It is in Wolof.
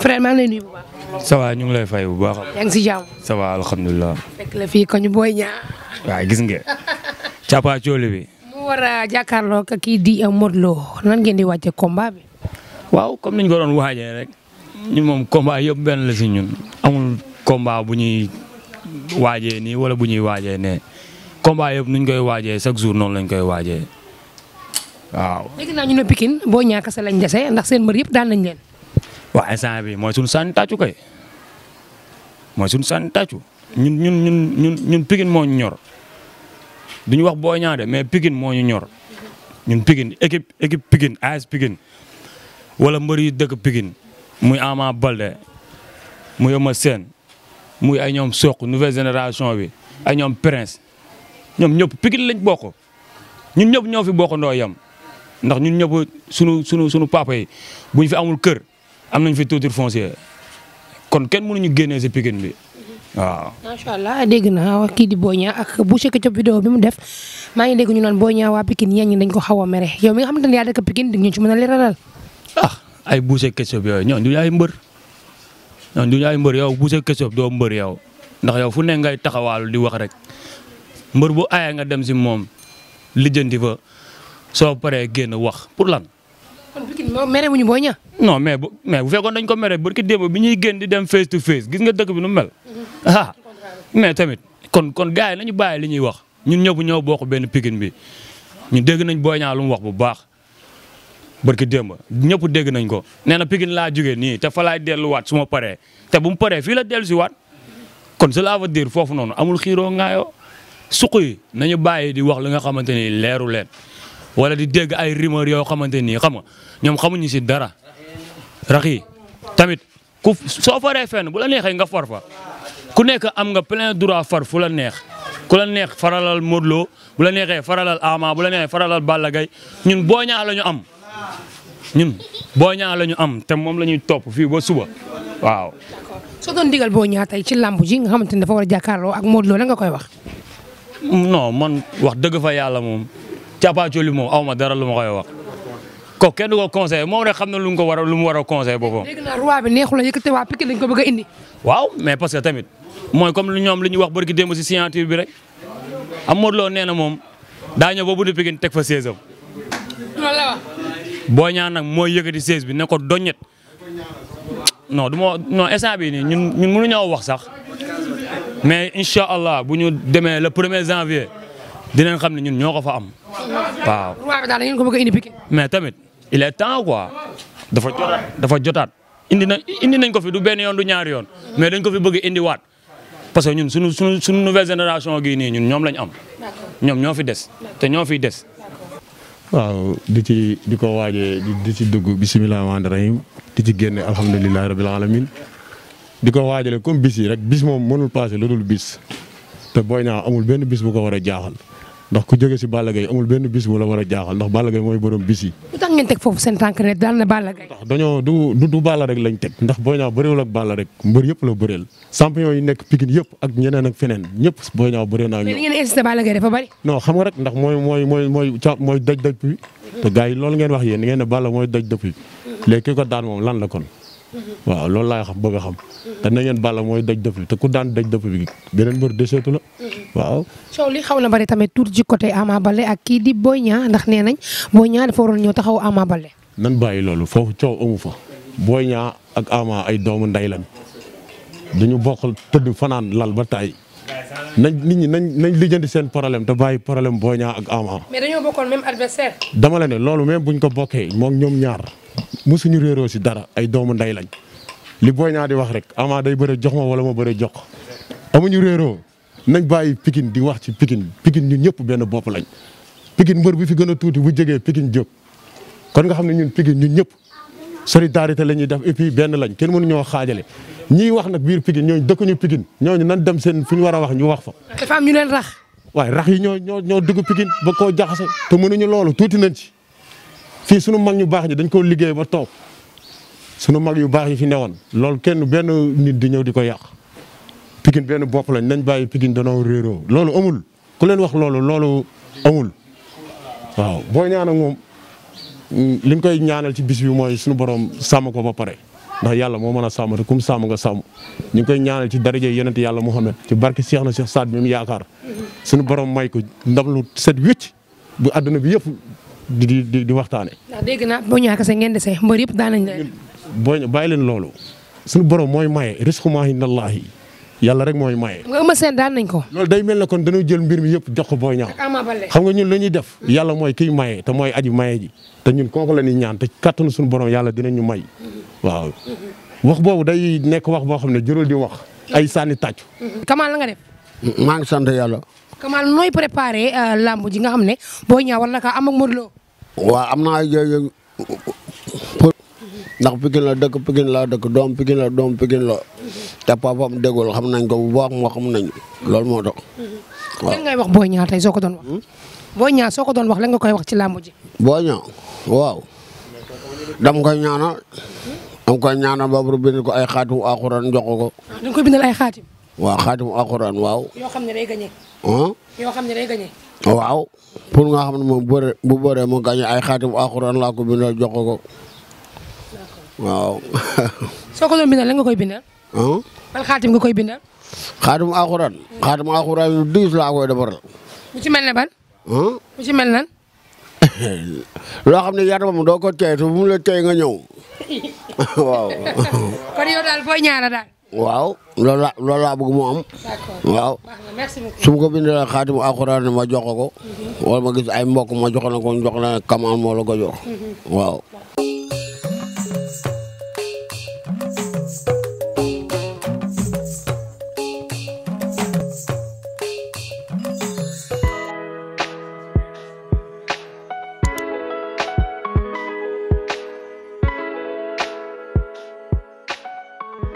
frère maa ngi lay bu baax. ça va ñu ngi lay fay bu baax. yaa ngi si jàmm. ça va alhamdulilah. fii ko booy ñaa. waa gis nga. Capa bi. mu war a jàkkaarloo ak kii di Modou Lo nan di wàcce combat bi. waaw comme niñ ko doon waajee rek. ñun moom combat yëpp benn la si ñun. amul combat bu ñuy waajee nii wala bu ñuy waajee ne combat yëpp nuñ koy waajee chaque jour noonu lañ koy waaje waaw. dégg naa ñu ne Pikine boo ñàkk sa lañ dese ndax seen mbër yëpp daan nañ leen. waa instant bi mooy suñu sànni tàccu kay mooy suñu sànni tàccu ñun ñun ñun ñun ñun Pikine moo ñu ñor duñu wax Boy Niang mais Pikine moo ñu ñor ñun Pikine équipe équipe Pikine AS Pikine wala mbër yi muy Ama Baldé muy Eumeu Sène muy ay ñoom soq nouvelle génération bi ay ñoom prince ñoom ñëpp pikin lañ bokk ñun ñëpp ñoo fi bokkandoo yem ndax ñun ñëpp sunu sunu sunu papa yi buñ fi amul kër. am nañ fi tuuti foncier kon kenn mënuñu génnee si Pikine bi waaw. macha allah dégg na wax kii di Boña ak bu Cheikh Diop vidéo bi mu def maa ngi dégg ñu naan Boña waa Pikine ñenn ñi dañ ko xaw a mere yow mi nga xamante di ñu ci mën a leeralal. ah ay Boucher Ketchup yooyu ñoom du ñu ay mbër ñoom du ñu ay mbër yow Boucher Ketchup doo mbër yow ndax yow fu ne ngay taxawaalu di wax rek mbër bu aaya nga dem si moom lijjanti fa soo paree génn wax pour lan. kon Pikine moo mere wuñu Boy Niang. non mais bu mais fekkoon dañ ko mere barki démb bi ñuy génn di dem face to face gis nga dëkk bi nu mel. Mm-hmm. ah mais tamit kon kon gars yi nañu bàyyi li ñuy wax ñun ñëpp ñëw bokk benn Pikine bi ñu dégg nañ Boy Niang lu wax bu baax. barki démb ñëpp dégg nañ ko nee na Pikine laa jógee nii te fa laay delluwaat su ma paree te bu mu paree fii la dellusiwaat kon cela veut dire foofu noonu amul xiiroo ngaayoo suq yi nañu bàyyi di wax li nga xamante ni leeru leen. wala di dégg ay rumeur yoo xamante nii xam nga ñoom xamuñu si dara raxi tamit ku soo faree fenn bu la neexee nga far fa ku nekk am nga plein droit far fu la neex ku la neex faralal Modou Lo bu la neexee faralal Ama bu la neexee faralal Balla ñun Boy Niang la ñu am ñun Boy Niang am te moom la ñuy topp fii ba suba waaw. soo doon digal Boy Niang ci làmb ji nga xamante ni dafa war a jàkkaarloo ak Modou la nga koy wax. non man wax dëgg fa yàlla moom cappaacoli moom aw ma dara lu ma koy ko kenn ko conseillé moom rek xam lu ko war a lu mu war a conseillé boppam. dégg naa roi bi neexul la yëkkate waa Pikine dañ ko bëgg a indi. waaw mais parce que tamit mooy comme lu ñoom li ñu wax barki démb si signature bi rek am Modou na moom daa ñëw ba bu Pikine teg fa 16 am. loolu la wax. boo ñaan nag ko doññet non du ma non instant bii nii ñun ñun bu ñu demee le premier janvier dinañ xam ne ñun ko fa waaw roi ko bëgg a indi piqué. mais tamit il est temps quoi dafa jotaat dafa jotaat indi na indi nañ ko fi du benn yoon du ñaari yoon mais dañ ko fi bëgg indi waat parce que ñun suñu suñu suñu nouvelle génération gii nii ñun ñoom lañ am. ñoom ñoo fi des te ñoo fiy des. waaw di ci di ko waajee di ci dugg bisimilah rahmaani rahim di ci génne alhamdulilah rabil alamin di ko waajale comme bis yi rek bis moom mënul passé lu dul bis te Boy Niang amul benn bis bu ko war a jaaxal. ndax ku jóge si Balla Gaye amul benn bis mu la war a jaaxal ndax Balla Gaye mooy borom bis yi. lu tax ngeen teg foofu seen tànk ne daal dañoo du du Balla rek lañ teg ndax Boy Niang bëriwul ak Balla rek mbër yëpp la bëreel. champion yi nekk Pikine yëpp ak ñeneen ak feneen ñëpp Boy Niang bëree naa. mais li ngeen insisté Balla dafa bari. non xam nga rek ndax mooy mooy mooy mooy ca mooy daj daj bi. te gars yi loolu ngeen wax yéen ngeen ne bala mooy daj dëpp yi. léegi ki ko daan moom lan la kon Mm-hmm. waaw loolu laay xam bëgg a xam. Mm-hmm. te na ngeen Balla mooy daj dëpp bi te ku daan daj dëpp bi beneen mbër deseetu la. Mm-hmm. waaw soow lii xaw na bari tamit tuuti ci côté Ama Baldé ak kii di booy ñaa ndax nee nañ Boy Niang dafa ñoo ñëw taxaw Ama Baldé. nan bàyyi loolu foofu coow amu fa. Boy Niang ak Ama ay doomu ndey lañ dañu bokk tëdd fanaan lal ba taay nañ nit ñi nañ nañ lijjanti seen problème te bàyyi problème booy Niang ak Ama. mais dañoo dama la ne loolu même buñ ko bokkee moom ñoom ñaar. musuñu réeroo si dara ay doomu nday lañ li booy ñaa di wax rek ama day bëre jox ma wala ma bëre jox amuñu réeroo nañ bàyyi pikin di wax ci pikin pikin ñun ñëpp benn bopp lañ pikin mbër bi fi gën a tuuti bu jegee pikin jóg kon nga xam ne ñun pikin ñun ñëpp solidarité la ñuy def et benn lañ kenn mënuñoo ñoo xaajale ñiy wax nag biir pikin ñooñu ñu pikin ñooñu nan dem seen fu ñu war a wax ñu wax fa. dafa rax. waaye rax yi ñoo ñoo ñoo dugg pikin ba koo jaxase te mënuñu loolu tuuti nañ ci. fii sunu mag ñu baax ñi dañ koo liggéey ba toog sunu mag yu baax yi fi newoon loolu kenn benn nit di ñëw di ko yàq pikin benn bopp lañ nañ bàyyi Pikine danoo réeroo loolu amul ku leen wax loolu loolu amul waaw booy ñaan ak moom li ñu koy ñaanal ci bis bi mooy sunu borom sàmm ko ba pare ndax yàlla moo mën a sàmm te kum sàmm nga sàmm ñu ngi koy ñaanal ci daraja yonent yàlla Muhammad ci barke Cheikh na Cheikh saat bi mu yaakaar sunu borom may ko ndam lu set wécc bu àdduna bi yëpp di di di waxtaane. ndax dégg naa boo ñàkk sa ngeen dese mbër yëpp daan nañ leen. boo bàyyi leen loolu. suñu borom mooy maye risku maa inda Allaahi yàlla rek mooy maye. nga Eumeu Sène nañ ko. loolu day mel ne kon dañoo jël mbir mi yëpp jox ko Boy Niang. xam nga ñun lu ñuy def. yàlla mooy kiy maye te mooy aji maye ji. te ñun kooku la ñuy ñaan te kattanu suñu borom yàlla dina ñu may. waaw wax boobu day nekk wax boo xam ne jërul di wax. ay sànni tàccu. Kamal la nga def. maa ngi sant yàlla. Kamal nooy préparé euh, làmb ji nga xam ne Boy Niang war na kaa am ak Modou Lo. waaw am naa yooyu ndax Pikine la dëkk Pikine la dëkk doom Pikine la doom Pikine la te papam déggul xam nañ ko bu baax moo xam loolu moo tax. waaw lan ngay wax Boy Niang tey soo ko doon wax. Hmm? Boy Niang soo ko doon wax lan koy wax ci làmb ji. Boy Niang waaw. dam koy ñaanal. dam koy ñaanal ba bu bind ko ay xaatimu alxuraan jox ko ko. Ah, dañ koy bindal ay xaatim. waaw xaatimu alxuraan waaw. xam ne day gagné. ah. yoo xam ne day gagné. waaw pour nga xam ne moom bëre bu bëree mu gagné ay xaatim alxuraan laa ko bindal jox ko. waaw. soo ko doon bindal lan nga koy bindal. ah. bal xaatim nga koy bindal. xaatim alxuraan. xaatim alxuraan yu diis laa koy defaral. mu ci mel ne ban. ah mu ci mel nan. loo xam ne yaramam doo ko tey te mu la tey nga ñëw waaw. kon yow daal booy ñaara daal. waaw loolu la loolu laa bëgg mu am. waaw. su ma ko bindee xaatimu alxuraan ma jox ko. Mhm. wala ma gis ay mbokk ma jox na ko jox na kamaan moo la ko jox. Mhm. waaw.